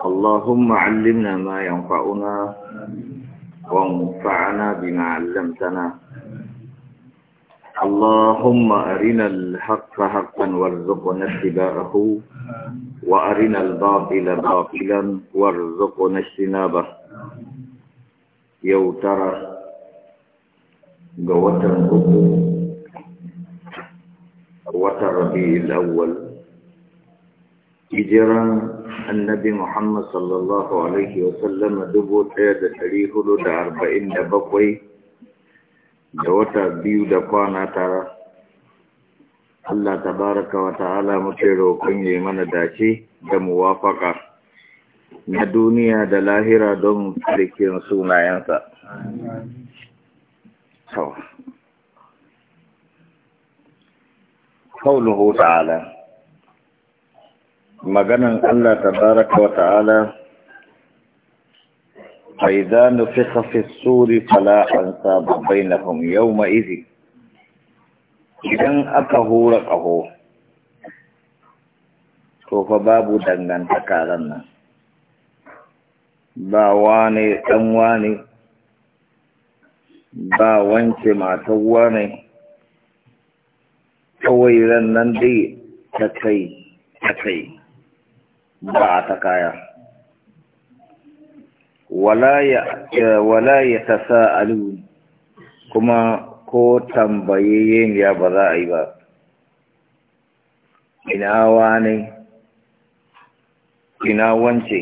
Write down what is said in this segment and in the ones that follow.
اللهم علمنا ما ينفعنا وانفعنا بما علمتنا اللهم أرنا الحق حقا وارزقنا اتباعه وأرنا الباطل باطلا وارزقنا اجتنابه yau tara ga watan uku watan annabi Muhammad sallallahu Alaihi wasallam dubu ɗaya da ɗari hudu da arba'in da bakwai da wata biyu da kwana tara. Allah baraka wa ta'ala muke roƙon yi mana dace da muwafaka na duniya da lahira don tsarkin sunayensa. Kaunuhu ta'ala. maganan Allah tabaraka wa ta'ala فإذا نفخ في الصور فلا أنصاب بينهم يومئذ إذن أكه رقه توفى باب دنغان تكالنا باواني تنواني باوانك ما تواني تويلن نندي تكي تكي ba a ta kaya wala ya ta sa alu kuma ko tambaye yin ya ba za a yi ba inawa ne inawance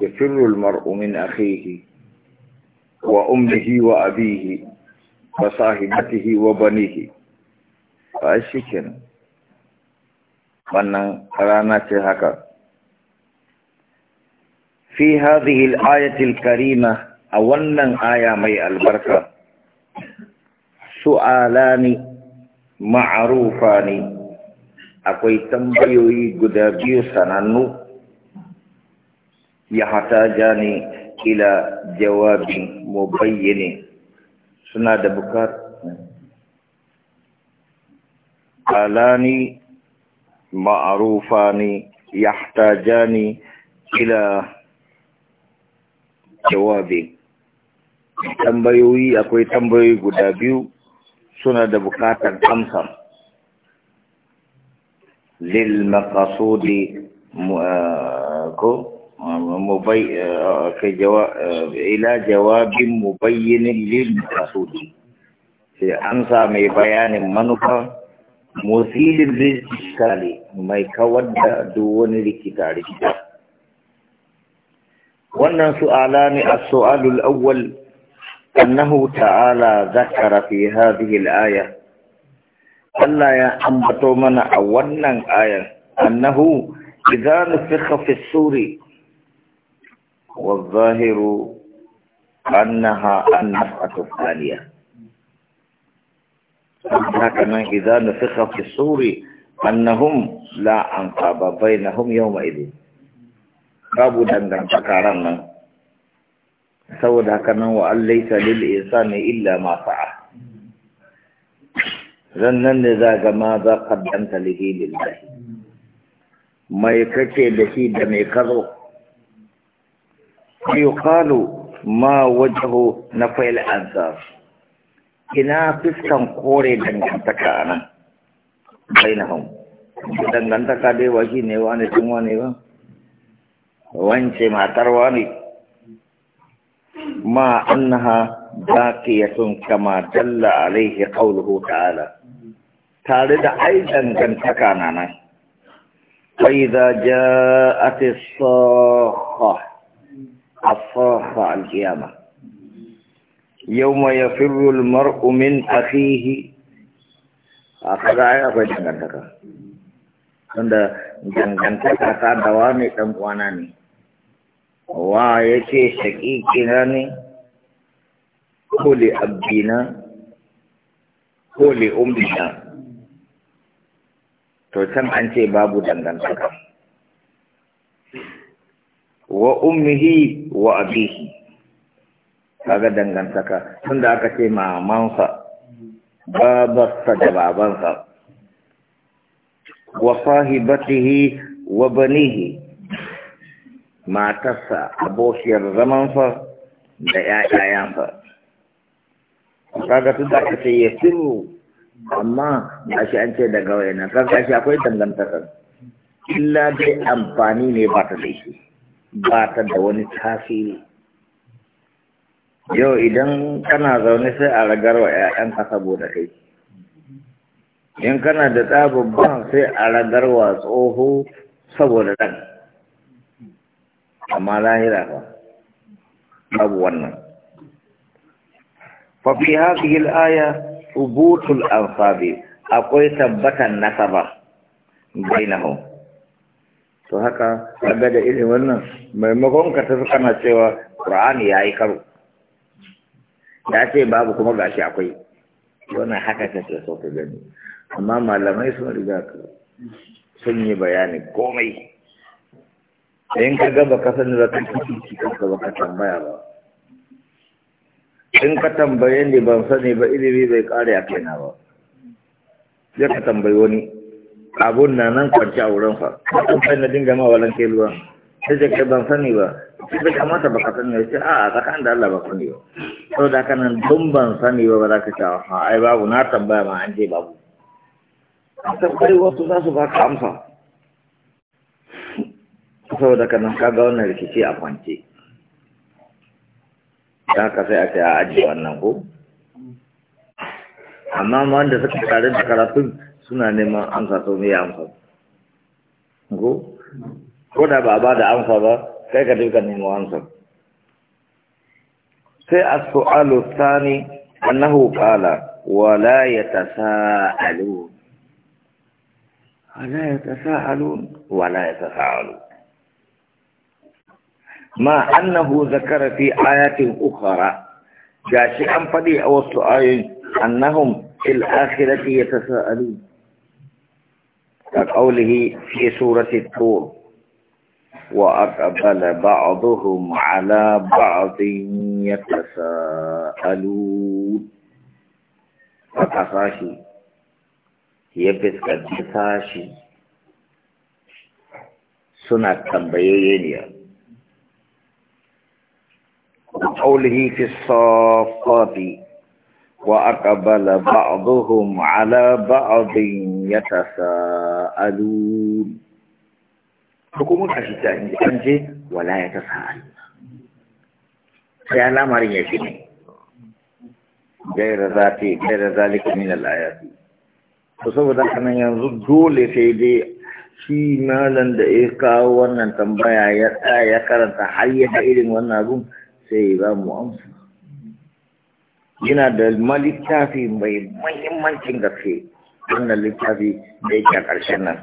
da firul mar'umin a kai wa umdihi wa abihi wa sahibatihi wa banihi a shi kenan wannan rana ce haka fi hadhihi al-ayati karima a wannan aya mai albarka su'alani ma'rufani akwai tambayoyi guda biyu sanannu ya hata ne ila jawabi mubayyane suna da bukatar alani ma'rufani yahtajani ila jawabi. tambayoyi akwai tambayoyi guda biyu suna da bukatar amsa lil maqasudi ko mubayyin ila jawabin mubayyin lil maqasudi sai amsa mai bayanin manufa مثير الرزق كالي ما يكود دون الكتاري وانا سؤالان السؤال الاول انه تعالى ذكر في هذه الآية ألا يا أمبتو من أولنا آية أنه إذا نفخ في السور والظاهر أنها النفخة الثانية haka nan idan suka fi suri annahum la an qaba bainahum yawma idin babu dangantaka ran nan saboda haka nan wa allaita lil insani illa ma sa'a zannan ne za gama ma za qaddamta lihi lillahi mai kake da shi da mai kazo yuqalu ma wajaho na fa'il ansar ina fiskan kore dangantaka nan bainahum dangantaka dai ba ne wani tun wani ba wance matar wani ma annaha baqiyatun kama dalla alaihi qawluhu ta'ala tare da ai dangantaka na nan فإذا جاءت الصاخة الصاخة القيامة يوم يفر المرء من أخيه أخذ آية فجنتك akwai dangantaka dangantaka ta dawa ne ɗan kwana ne wa ya ce shaƙiƙina ne ko le abdina ko le umbina to can an ce babu dangantaka wa ummihi wa abihi kaga dangantaka tunda aka ce mamansa babarsa da babansa wa sahibatihi wa banihi matarsa abokiyar zamansa da ƴaƴayansa kaga tunda aka ce ya firu amma ba shi an ce daga wayanan kaga shi akwai dangantaka illa dai amfani ne ba ta da shi ba ta da wani tasiri yau idan kana zaune sai a ragar wa ‘ya'yanka saboda kai in kana da ɗa babban sai a ragar wa tsoho saboda ɗan amma lahira ba babu wannan fafi haƙi al’aya, ubutul amfabi akwai tabbatan nasaba bainahum to haka a da irin wannan maimakon ka tafi kana cewa ƙur'ani ya yi karo ya ce babu kuma gashi akwai wannan haka kake so ka gani amma malamai sun riga ka sun yi bayani komai in ka gaba ka sani za ka kici ki ba ka tambaya ba in ka tambaye ni ban sani ba ilimi bai kare a kaina ba ya ka tambayi wani abun na nan kwanci a wurin fa ka tambayi na dinga ma walan kai ruwan sai da ban sani ba sai da kamata ba ka sani ba sai a a tsakan da Allah ba sani ba sau da kanan don ban sani ba ba za ka ce a ai babu na tambaya ma an je babu a tabbai wasu za su baka amsa sau da kanan ka ga wannan rikici a kwance ta ka sai a ce a ajiye wannan ko amma wanda suka tare da karatun suna neman amsa sau ne ya amsa ko ko da ba ba da amsa ba sai ka duka nemo amsa sai as-su'alu thani annahu qala wa la yatasaalun ولا يتساءلون ولا يتساءلون ما أنه ذكر في آيات أخرى جاشي أم فدي أو السؤال أنهم في الآخرة يتساءلون كقوله في سورة الطور وأقبل بعضهم على بعض يتساءلون فتساشي يبس كتساشي سنة تنبيين وقوله في الصافات وأقبل بعضهم على بعض يتساءلون hukumun a shi ta an je wala ya ta sa'an sai alamarin ya fi ne gaira zafi gaira zalika min al'ayati su saboda haka yanzu dole sai dai shi malam da ya kawo wannan tambaya ya tsaya ya karanta har yi da irin wannan abin sai ya ba mu amsa yana da littafi mai mahimmancin gaske wannan littafi da yake a ƙarshen nan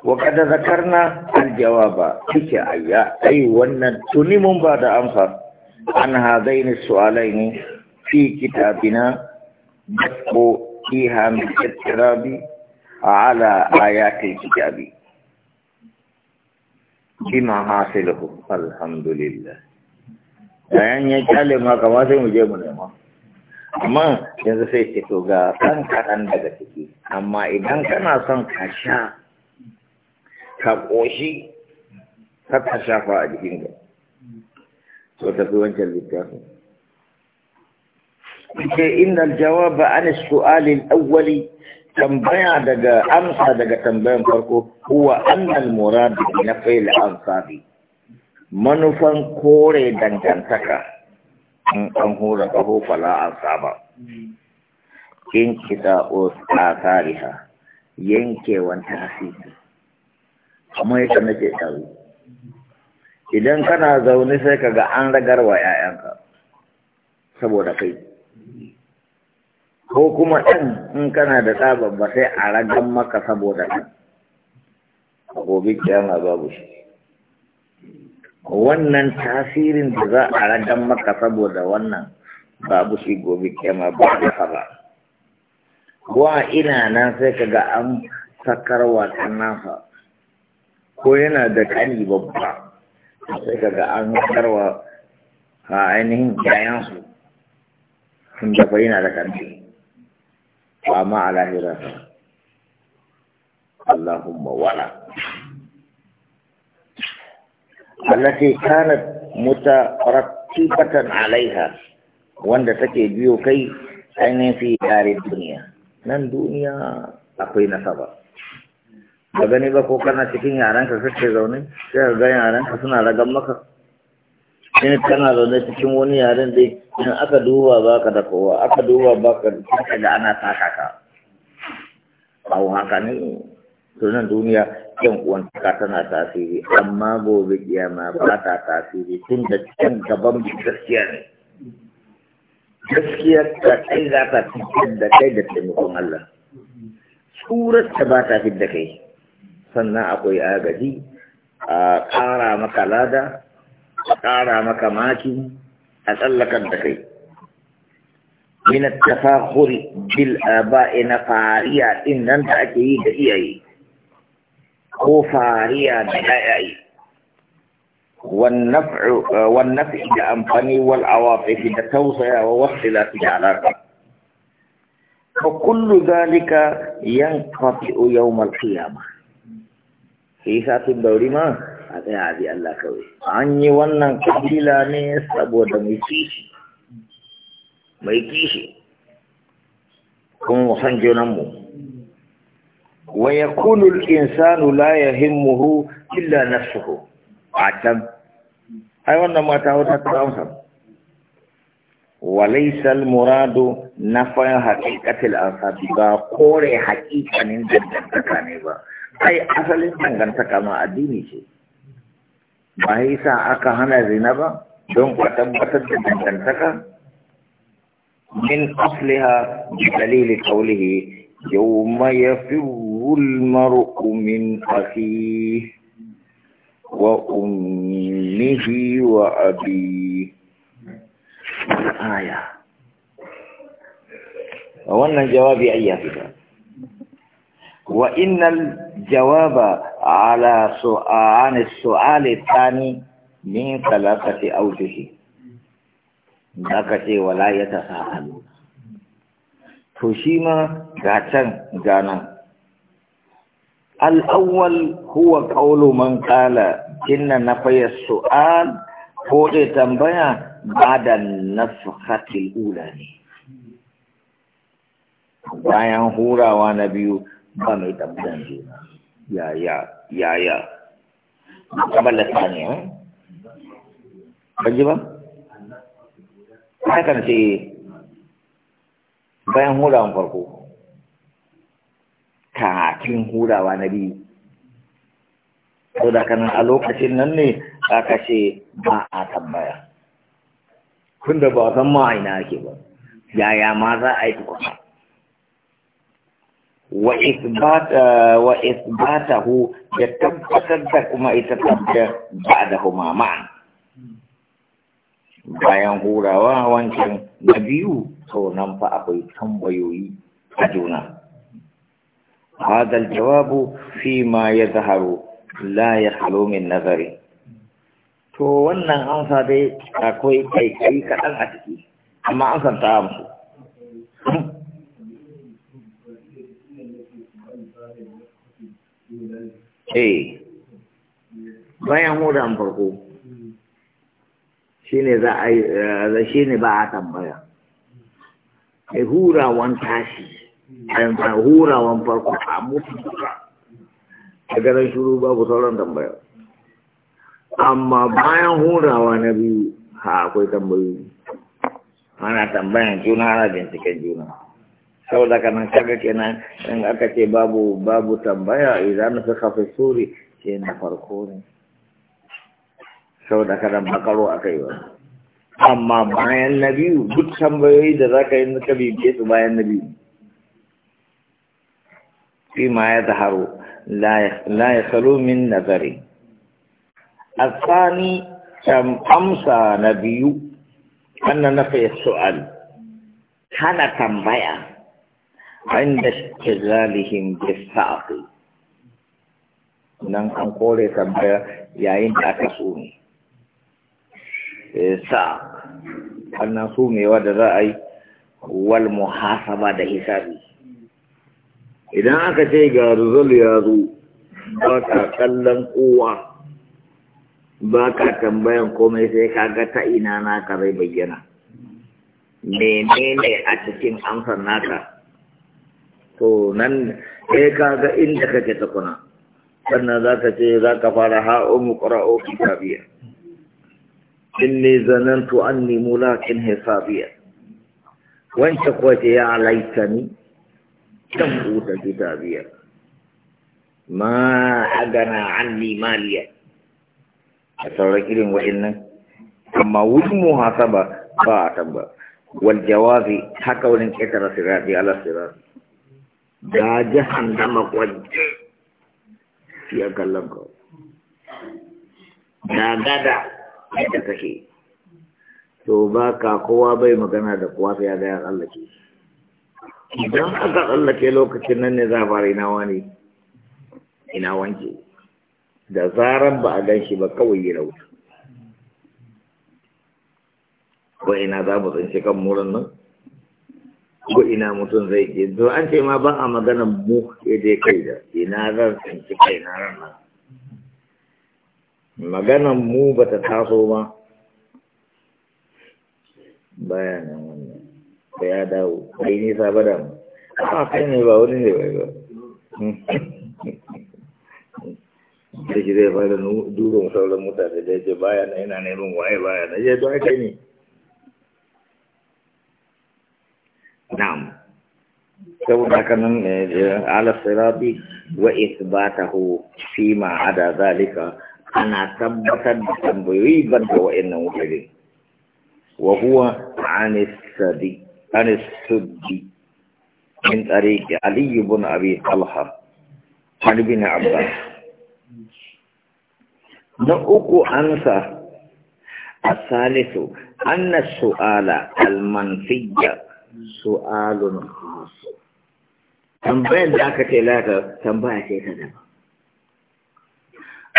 wa kada zakarna al jawaba kike ayya wannan tuni mun ba da amsa an hadain su'alai ne fi kitabina ko ki ha mitrabi ala ayati kitabi kina hasilu alhamdulillah yan ya kale ma kama sai mu mu nema amma yanzu sai ke to ga kan daga ciki amma idan kana son ka sha ka ƙoshi haka shafa a jikin ka ta tafi wancan littafin ke innal jawaba an su'alil awwali tambaya daga amsa daga tambayan farko huwa annal murad bi nafil ansabi manufan kore dangantaka in an hura kaho fala ansaba in kita o tsariha yankewan tasiri Kamar yadda nake ɗaru idan kana zaune sai ka ga an ragarwa ‘ya'yanka saboda kai ko kuma ɗan in kana da tsabar ba sai a ragar maka saboda ɗan a gobe kiyama babu shi wannan tasirin da za a ragar maka saboda wannan babu shi gobe kiyama ba da ba wa ina nan sai ka ga an sakarwa ɗan nasa ko yana da kani babba sai daga an karwa a ainihin yayansu sun dafa yana da karfi ba ma a lahira Allahumma wala التي كانت مترتبة alaiha wanda take biyo kai ainihin fi dare duniya nan duniya akwai nasaba Ka gani ba ko kana cikin yaranka kake zaune sai ka ga yaranka suna ragan maka in kana zaune cikin wani yaren dai in aka duba ba ka da kowa aka duba ba ka da ana saka ka ba haka ne sunan duniya yan ka tana tasiri amma gobe kiyama ba ta tasiri tun da cikin gaban gaskiya ne gaskiya ta kai za ta fitar da kai da taimakon Allah surar ta ba ta fitar da kai sannan akwai agaji a kara maka lada a kara maka maki a tsallakan da kai min at-tafakhuri bil aba'i na fariya din nan da ake yi da iyaye ko fariya da iyaye wan naf'u naf'i da amfani wal awafi da tausaya wa wasila da alaka fa kullu dhalika yanqati yawm al-qiyamah hisatun dauri ma a tsaya a bi Allah kawai an yi wannan kabila ne saboda mai kishi mai kishi kuma mu san junanmu wa yakunu al-insanu la yahimmuhu illa nafsuhu a can ai wannan mata wata ta amsa وليس المراد نفى حقيقة الأنصاب با كوري haƙiƙanin من جدتك ba. ai asalin dangantaka ma addini ce ba sa aka hana zina ba don tabbatar da dangantaka min asliha bi dalili qawlihi yawma yafirru al-mar'u min akhihi wa ummihi wa abi aya wannan jawabi ayya fita وإن الجواب على عن السؤال الثاني من ثلاثة أوجه ذكرت ولا يتساءلون تشيما غاتن غانا الأول هو قول من قال إن نفي السؤال هو تنبيا بعد النفخة الأولى bayan hurawa na biyu ba mai tambayan juna ya ya ya ya kamar da tsani ya ban ji ba kan ce bayan hurawan farko kafin hurawa na biyu saboda kanan a lokacin nan ne ka ce ba a tambaya da ba san ma ina ake ba yaya ma za a yi tukuna Eh, wa isbatahu ya tabbatar da kuma ita tabbatar ba da humama bayan hurawa wancan na biyu sau nan fa akwai tambayoyi a juna ma ya zaharu la ya halo min nazari. to wannan amsa dai akwai kai kai kaɗan a ciki amma an san ta amsu eh bayan hudan farko shine za a yi eh, ba a tambaya ai hurawan tashi ai ba hurawan farko a mutu a ganin shuru babu sauran tambaya amma bayan hurawa na biyu ha akwai tambayoyi ana tambayan juna ana binciken juna saboda kanan kaga kenan in aka ce babu babu tambaya idan fi kafa suri ce na farko ne saboda kanan makaro akai ba amma bayan na biyu duk tambayoyi da za ka yi na bibiye su bayan na biyu fi ma ya zaharu la ya salo min nazari a tsani amsa na biyu an na nafa su'al hana tambaya عند اشتغالهم بالسعق nan an kore tambaya yayin da aka so ne sa annan so mewa da za a yi wal muhasaba da hisabi idan aka ce ga rizal ya zo ba ka kallon kowa ba ka tambayan komai sai ka ga ta ina naka zai bayyana menene a cikin amsar naka فنن ايكا غا اندك جتكونا فنن ذاك جي ذاك فارها امقرأو كتابية اني زننت اني ملاك حسابية وانت قوتي يا ليتني كم اوت كتابية ما اغنى عني مالية اصلا كيرين وانن كما وجمو حسابا باعتم والجواب حكا ولن كتر سراتي على سراتي da jahannama kwanje ya kallon ka da gada da kake to ba ka kowa bai magana da kowa sai ya ga Allah tsallake idan aka tsallake lokacin nan ne za a fara ina wani ina wanke da zaran ba a gan shi ba kawai yi rauta ko ina za mu tsinci kan muran nan ko ina mutum zai je to an ce ma ban a magana mu ya je kai da ina zan tsinci kai na ranar maganan mu ba ta taso ba Bayanan nan wannan ba ya dawo kai nisa ba da mu a kai ne ba wani ne bai ba da shi zai fara Duba sauran mutane da ya ce baya na yana neman waye baya na ya ce to kai ne نعم سوى من آه، على الصراط وإثباته فيما عدا ذلك أنا ثبت تنبيبا وإنه مجرم وهو عن السدي عن السدي من طريق علي بن أبي طلحة عن ابن عباس نؤك أنسى الثالث أن السؤال المنفي su'alun tambayar da aka ce laka tambaya ce ta da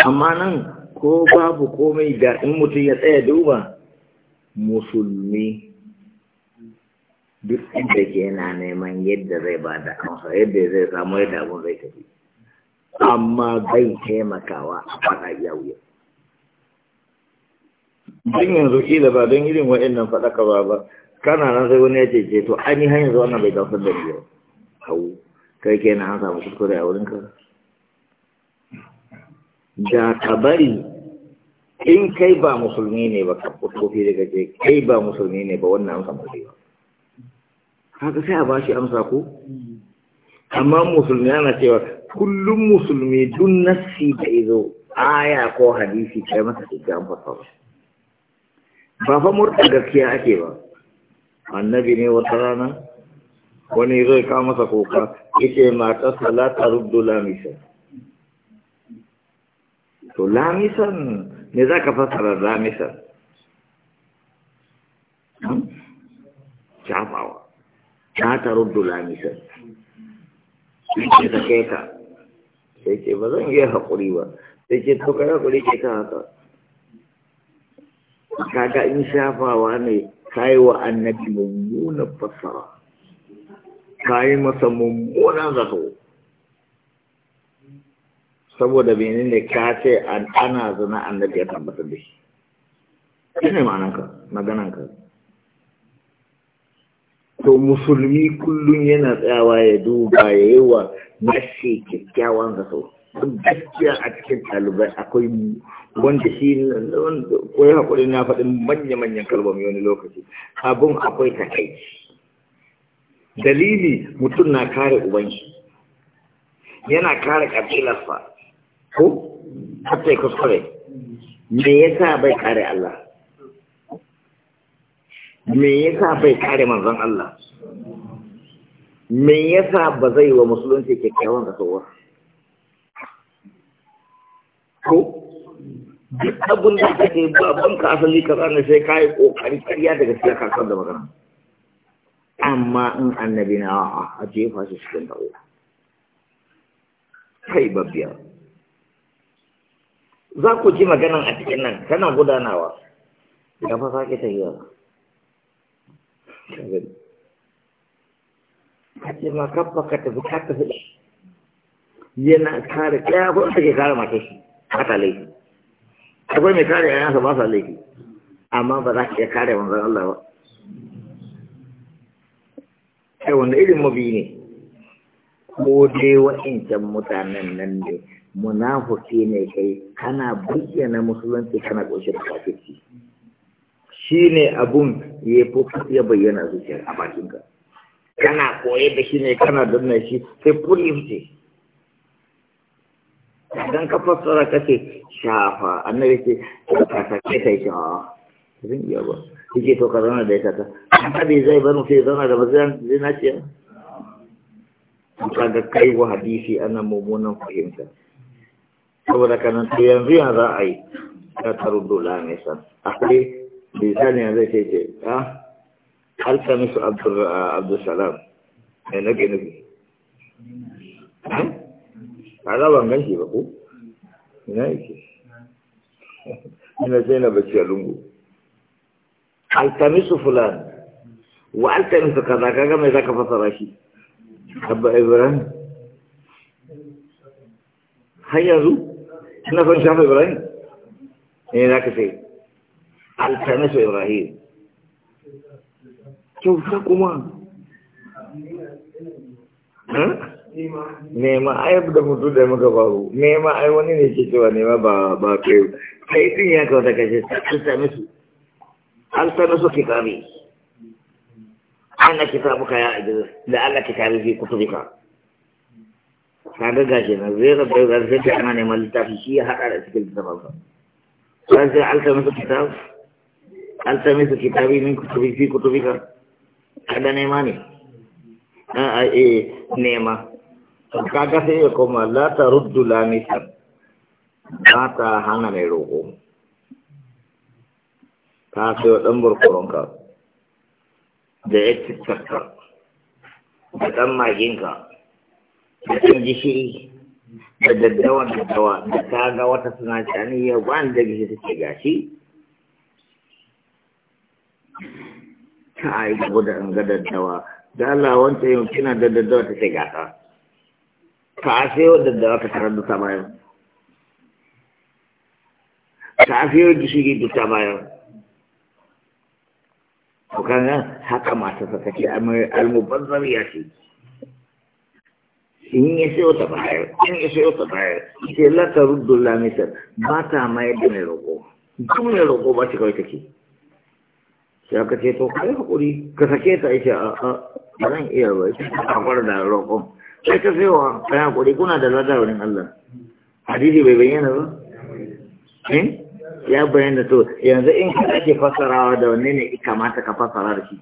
amma nan ko babu komai da in mutum ya tsaya duba musulmi duk inda ke yana neman yadda zai ba da amsa yadda zai samu yadda abin zai tafi amma bai taimakawa a fara yauye don yanzu ƙila ba don irin waɗannan faɗaka ba kana nan sai wani ya ce ce to an yi hanyar zuwa bai gamsar da biyar hau kai ke na hansa samu kuskure a wurinka da ka bari in kai ba musulmi ne ba kofi daga ce kai ba musulmi ne ba wannan amsa musulmi ba haka sai a ba shi amsa ko amma musulmi ana cewa kullum musulmi dun nassi da izo aya ko hadisi kai masa cikin fasara ba fa murta gaskiya ake ba annabi ne wata rana wani zai kawo masa kuka yake mata la ta rubdu lamisan to lamisan ne za ka fasara lamisan hmm? shafawa ta ta rubdu lamisan yake sake ka sai ce ba zan iya haƙuri ba sai ce to haƙuri ke ka haka kaga in shafawa ne kayi wa annabi mummunan fassara kayi masa mummunan zato saboda benin ne ka ce ana zana annabi ya tambata da shi shi ne ma'ananka magananka to musulmi kullum yana tsayawa ya duba ya yi wa mashi kyakkyawan zato gaskiya a cikin ɗalibai akwai wanda shi ko ya haƙuri na faɗin manya-manyan kalmomi wani lokaci abun akwai takaici dalili mutum na kare ubanshi yana kare ƙabilarsa ko hatta kuskure me yasa bai kare Allah me yasa bai kare manzon Allah me yasa ba zai wa musulunci kyakkyawan tsohuwa ko duk abin da kake babban ka asali ka zana sai ka yi ƙoƙari ƙarya daga gaskiya ka san da magana amma in annabi na a'a a jefa shi cikin dawo kai babbiya za ku ji maganan a cikin nan tana gudanawa Ya fa sake ta yi ce ma kabba ka tafi ka tafi yana kare ɗaya ko take kare mace shi haka laifi akwai mai kare yayansa ba sa laifi amma ba za ka iya kare manzon Allah ba kai wanda irin mabi ne ko dai wa'incan mutanen nan ne munafuki ne kai kana bayyana musulunci kana ƙunshe da kafirci shi ne abun ya ya bayyana zuciya a bakinka kana koye da shi ne kana danna shi sai fulifce idan ka fassara ka ce shafa annabi ce ka sake ta yi shafa zan iya ba yake to ka zauna da ita ta annabi zai bar mutum ya zauna da bazan zinaciya ga kai wa hadisi ana mummunan fahimta saboda kanan to yanzu ya za a yi ta taruddo la mai san akwai lisani yanzu ce ce ah, ha alkamisu abdulsalam mai nake nufi hmm? kaga ban gan ba ko ina yake ina sai na bacci a lungu altamisu fulan wa altamisu kaza kaga mai zaka fasara shi abba ibrahim har yanzu ina son shafa ibrahim eh, ne za ka sai altamisu ibrahim kyauta kuma nema ai da mutu da muka faru nema ai wani ne ke cewa nema ba ba kai kai din ya kawo ta kashe su sami su an sami su kitabi ana kitabuka ya ajiye da Allah kitabi fi kutubika kaga gashi na zai ga bai zai ta ana neman littafi shi ya hada da cikin littafin sa sai sai alta musu kitab alta musu kitabi min kutubi fi kutubika kada nema ne a ah, a ah, e eh, nema to kaga sai ya koma la ta ruddu lamisan ba ta hana mai roƙo ta sayo ɗan burkuronka da ya cikakka da ɗan maginka da cin gishiri da daddawa daddawa da ta ga wata suna cani ya wani da gishiri take gashi ta a yi gaba da an ga daddawa da Allah wancan yau kina da daddawa take gasa ka sayo daddawa ka tarar da bayan ka sayo gishiri duka bayan to kaga haka masu saka ce almubazzar ya ce in ya sayo ta bayar in ya sayo ta bayar ce laka ruddu lamisar ba ta mayar da mai roƙo duk mai roƙo ba ce kawai take sai aka ce to kai haƙuri ka sake ta ita a ran iya ba a ta kwakwar da roƙon sai ka sai wa kaya kuɗi kuna da lada wurin Allah hadisi bai bayyana ba eh? ya bayyana to yanzu in ka ake fasarawa da wanne ne kamata ka fasara da shi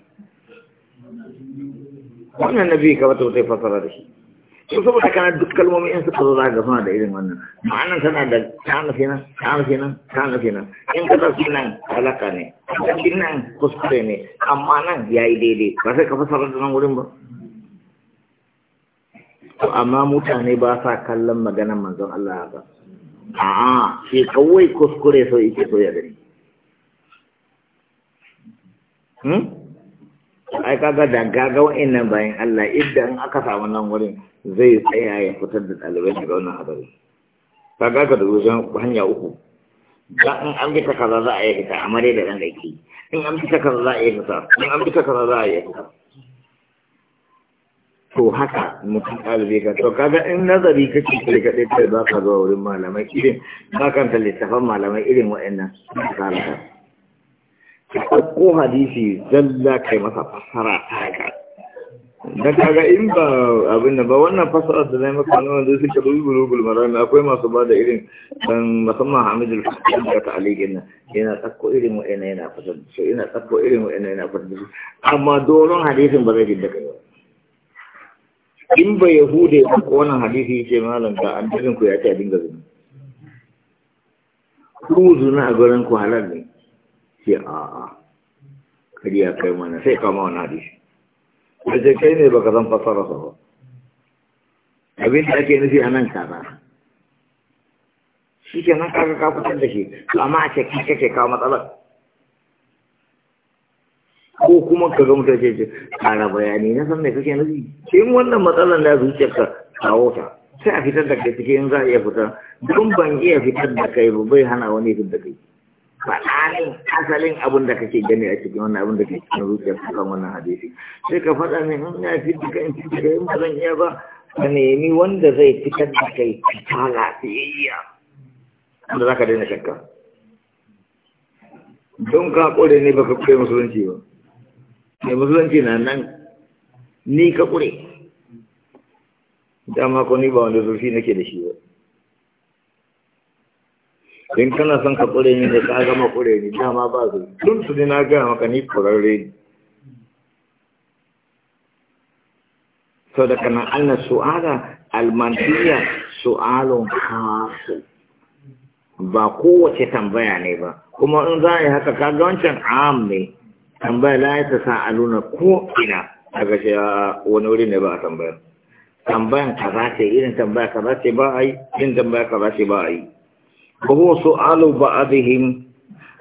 wannan na biyu kamata sai fasara da shi to saboda kana duk kalmomi in suka zo zaka suna da irin wannan ma'anan tana da kana kenan kana kenan kana fina. in ka tafi nan halaka ne in kuskure ne amma nan ya yi daidai ba sai ka fasara da nan wurin ba to amma mutane ba sa kallon maganar manzon Allah ba a'a shi kawai kuskure so yake so ya gani hmm ai kaga da gaga wa'annan bayan Allah idan aka samu nan wurin zai tsaya ya fitar da ɗalibai daga wannan hadari kaga ka dubi hanya uku ga in an bi ta kaza za a yi fita amare da ran da in an bi ta kaza za a yi hita in an bi ta kaza za a yi fita. to haka mutum ɗalibi ka to kaga in nazari kake kai kaɗai ɗaya ba ka zuwa wurin malamai irin ba kan ta littafan malamai irin wa'annan ka halaka ka ɗauko hadisi zalla kai masa fasara ta haka da kaga in ba abin da ba wannan fasara da zai maka nuna da suka dubi bulugul marami akwai masu ba da irin kan musamman hamidul fasar da ta aligin na yana tsakko irin wa'annan yana fasar da su yana tsakko irin wa'annan yana fasar da su amma doron hadisin ba zai fi da kai ba in ba yahude ba wannan hadisi yake malam ka dinga ku ya ta dinga zina ku zina a gurin ku halal ne ce a a ya kai mana sai kama wani hadisi da kai ne baka san fasara sa ba abin da ake nufi a nan kaza shi ke nan kaga ka fitar da shi amma a ce kake kawo matsalar ko kuma ka ga mutum ce Kara bayani na san me kake nufi shi wannan matsalar da ka kawo ta sai a fitar da kai cikin za a iya fita don ban iya fitar da kai ba bai hana wani fitar da kai ne asalin abin da kake gani a cikin wannan abin da ke cikin zuciyar kan wannan hadisi sai ka faɗa ne in ya fi duka in fi duka in ba zan iya ba ka nemi wanda zai fitar da kai ta lafiyayya wanda za ka daina shakka don ka kore ne baka kai musulunci ba mai musulunci na nan ni ka kure dama ko ni ba wanda zurfi nake da shi ba in kana son ka kure ni da ka gama kure ni dama ba zurfi tun tuni na gaya maka ni kurarre ne sau da kanan allah su'ala almantiya su'alun hasu. ba kowace tambaya ne ba kuma in za a yi haka kaga wancan am ne tambaya la ya ta sa a nuna ko ina a gashi wani wuri ne ba a tambayar tambayan kaza ce irin tambaya za ce ba a yi irin tambaya za ce ba a yi ba ko su alu ba adihim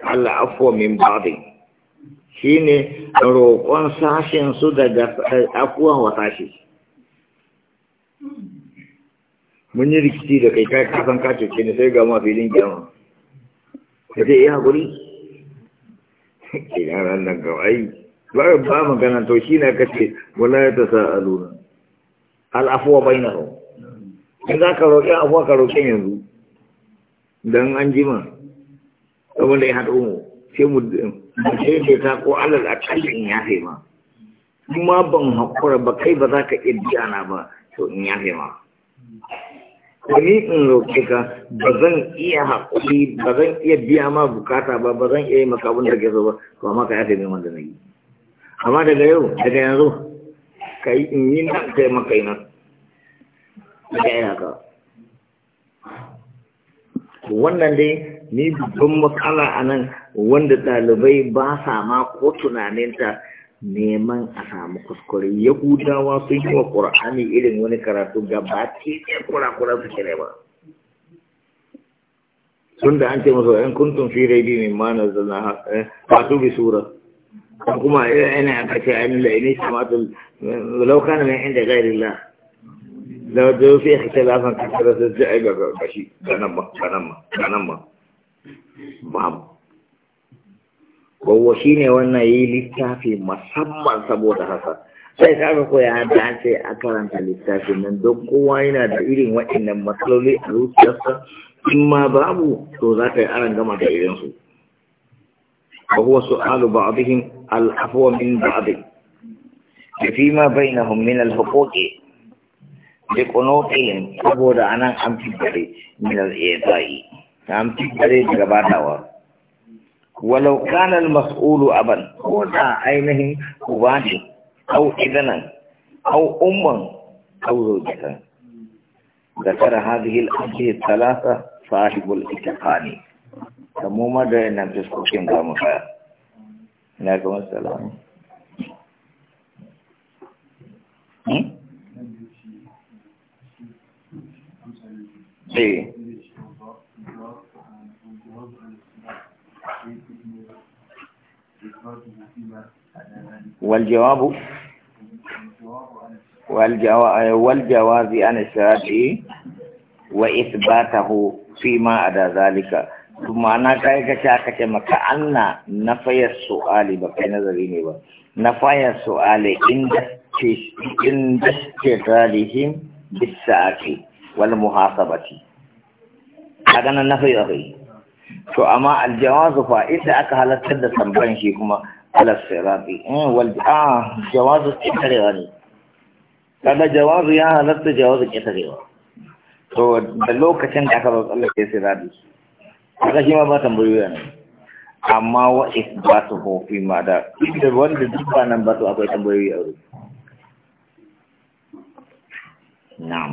Allah afuwa min ba'di shi ne roƙon sashen su daga eh, afuwa wa sashi mun yi rikici da kai kai kasan kace ne sai ga ma filin gyama ka ce iya eh, haƙuri yaran nan ga ai ba ba magana to shi na kace wala ya tasaaluna al afwa bainahum in za ka roƙi afwa ka roƙi yanzu dan an jima saboda ya haɗu mu sai mu sai ta ko alal akalli in ya ma kuma ban haƙura ba kai ba za ka iya biya na ba to in ya ma wani in roƙe ka ba zan iya haƙuri ba zan iya biya ma bukata ba ba zan iya yi maka abin da ke so ba to amma ka yafe min da na yi amma daga yau daga yanzu ka yi in yi nan ka yi maka yi nan daga yana wannan dai ni babban matsala a nan wanda ɗalibai ba sa ma ko tunaninta neman a samu kuskure yahudawa sun yi wa ƙur'ani irin wani karatu gaba ce kura-kura su ke ba sun da an ce masu ɗan kuntun fi rai mai mana zana eh, fatu bi sura kuma yana eh, aka ce ainihin la'ini samatul lauka na mai inda gairi la da wajen fi aka ce lafan kasar sun ce ai ga gashi ga nan ba ga ba ga nan ba wawo shi ne wannan yi littafi musamman saboda haka sai kaga ko ya dace a karanta littafi nan don kowa yana da irin waɗannan matsaloli a zuciyarsa in ma babu to za ka yi aran gama da irinsu wa huwa su'alu ba'dihim al-afwa min da fi ma ba'd فيما بينهم من da لقنوطهم saboda anan an fitare min al-iqai an fitare daga batawa ولو كان المسؤول أبا دا عينه وباني أو إذنا أو أما أو زوجة ذكر هذه الأمثلة الثلاثة صاحب الاتقان ما دعنا نعم، بسكوشين كاموها عليكم السلام ايه والجواب والجواز عن الشرط وإثباته فيما عدا ذلك ثم أنا كايك شاكك مكأن نفي السؤال بقي نظريني با نفي السؤال عند استغلالهم بالساعة والمحاسبة هذا نفي أخي to amma aljawazu fa inda aka halartar da tambayan shi kuma ala sirati in eh, wal a ah, jawazu kitarewa ne kada jawazu ya halarta jawazu kitarewa to da lokacin da aka zo Allah sai sirati aka shi ma ba tambayoyi ne amma wa isbatuhu fi ma da inda wanda ba nan ba to akwai tambayoyi a wurin na'am